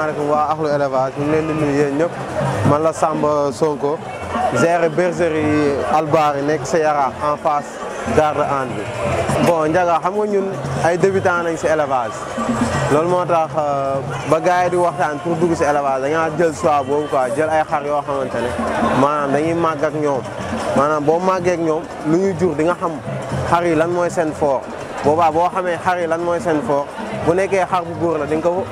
asalaamaaleykum waa axlu élevage ñu ngi leen di nuyu yéen ñëpp man la Samba Sonko géré bergerie Albary nekk sa yara en face garde Hann bi bon Ndiaga xam nga ñun ay débutant nañ si élevage loolu moo tax euh, ba gars di waxtaan pour dugg si élevage dañaa jël choix boobu quoi jël ay xar yoo xamante ne maanaam dañuy màgg ak ñoom maanaam boo màggee ak ñoom lu ñu jur di xam xar yi lan mooy seen fort boobaa boo xamee xar lan mooy seen fort bu nekkee xar bu góor la di nga ko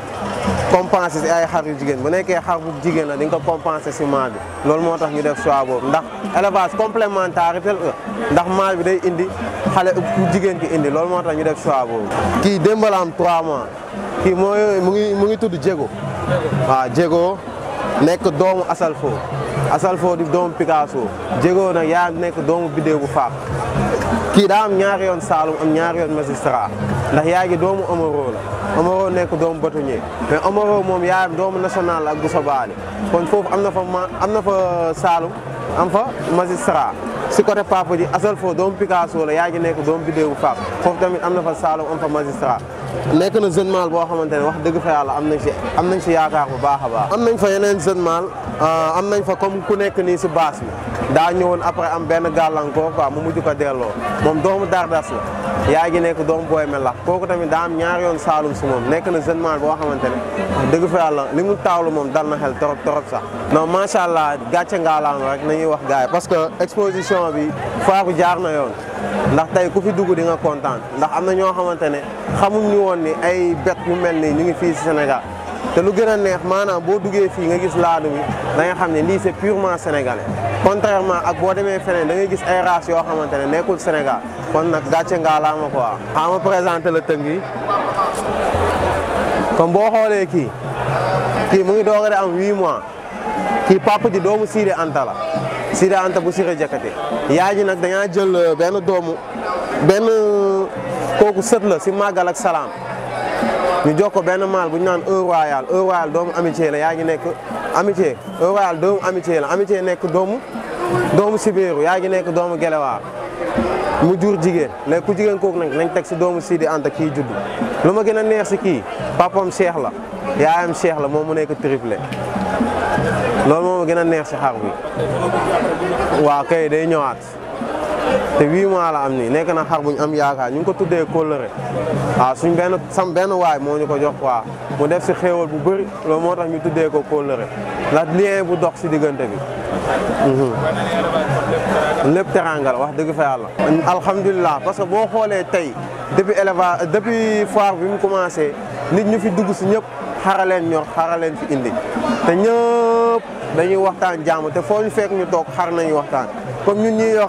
compenser si ay xar yu jigéen bu nekkee xar jigéen la di nga ko compenser si mâle bi loolu moo tax ñu def choix boobu ndax élevage complémentarité ndax mâle bi day indi xale ku jigéen ki indi lool moo tax ñu def choix boobu. kii démb la am 3 mois kii mooy mu ngi mu ngi tudd Jéego waaw Jéego nekk doomu Asalfo Asalfo di doomu Picasso Jéego na yaa nekk doomu Biddew bu Faap kii daa am ñaari yoon Saalum am ñaari yoon Magistrat. ndax yaa ngi doomu Omaro la Omaro nekk doomu bâtonnier mais Omaro moom yaayam doomu national la ak Boussa Bali kon foofu am na fa am na fa Saalum am fa magistrat si côté Papa ji asal foo doomu Picasso la yaa ngi nekk doomu Biddewu Faap foofu tamit am na fa Saalum am fa magistrat nekk na jeune mâle boo xamante ne wax dëgg fa yàlla am nañ si am nañ si yaakaar bu baax a baax. am nañ fa yeneen jeune mal euh, am nañ fa comme ku nekk nii si baas bi. daa ñëwoon après am benn gàllankoor quoi mu mujj ko delloo moom doomu Dardas la yaay gi nekk doomu mel Melax kooku tamit daa am ñaari yoon Saalum su moom nekk na jeune man boo xamante ne dëgg fa yàlla li mu taawlu moom dal na xel torop torop sax non macha allah gàcce ngaalaam rek nañuy wax gars parce que exposition bi faaru jaar na yoon ndax tey ku fi dugg di nga kontaan ndax am na ñoo xamante ne xamuñ ñu woon ni ay bet yu mel ni ñu ngi fii si Sénégal te lu gën a neex maanaam boo duggee fii nga gis laadu bi da nga xam ne lii c'est purement sénégalais contrairement ak boo demee feneen da ngay gis ay races yoo xamante ne nekkul Sénégal kon nag gàcce ngaa laa ma quoi. ah présenté la tëng yi boo xoolee kii kii mu ngi doog a am huit mois ki papa ji doomu Siré Anta la Siré Anta bu Siré Jakate yaay ji nag dañaa jël euh, benn doomu benn kooku sët la si màggal ak salaam. ñu jox ko benn maal bu ñu naan Eau Royal Eau Royal doomu amitié la yaa ngi nekk amitié Eau Royal doomu amitié la nekk doomu doomu Sibéeru yaa ngi nekk doomu Gelewaar mu jur jigéen léegi ku jigéen kooku nag nañ teg si doomu Sidi Anta kii judd lu ma gën a neex si kii papam Cheikh la yaayam Cheikh la moom mu nekk triplé loolu moo ma gën a neex si xar bi waaw kay day ñëwaat. te huit mois la am nii nekk na xar bu ñu am yaakaar ñu ngi ko tuddee kóllëre waaw suñ benn sam waay moo ñu ko jox quoi mu def si xéewal bu bëri loolu moo tax ñu tuddee ko kóllëre ndax lien bu dox si diggante bi. Mhm. lépp teranga la wax dëgg fa yàlla. alhamdulillah parce que boo xoolee tey depuis élevage depuis foire bi mu commencé nit ñu fi dugg si ñëpp xaraleen ñor xaraleen fi indi te ñëpp dañuy waxtaan jàmm te foo ñu fekk ñu toog xar nañu waxtaan comme ñun ñii yoo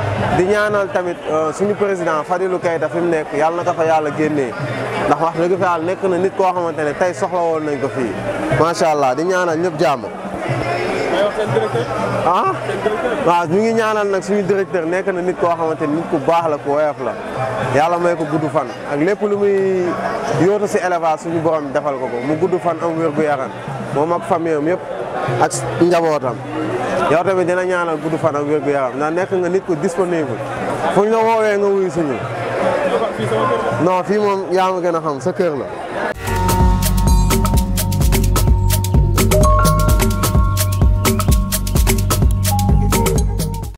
di ñaanal tamit euh, suñu président Fadilou Keita fi mu nekk yàlla na ko fa yàlla génnee ndax wax dëgg fa nekk na nit koo xamante ne tey soxla woon nañ ko fii macha allah di ñaanal ñëpp jàmm. ah waaw ñu ngi ñaanal nag suñu directeur nekk na nit koo xamante ni nit ku baax la ku woyof la yàlla may ko gudd fan ak lépp lu muy yóotu si élevage suñu borom defal ko ko mu gudd fan am wér gu yaram moom ak famille am ak njabootam. yow tamit dina ñaanal gudd fan ak wér gu yaram ndax nekk nga nit ku disponible fu ñu woowee nga wuyu suñu non fii moom yaa ma gën a xam sa kër la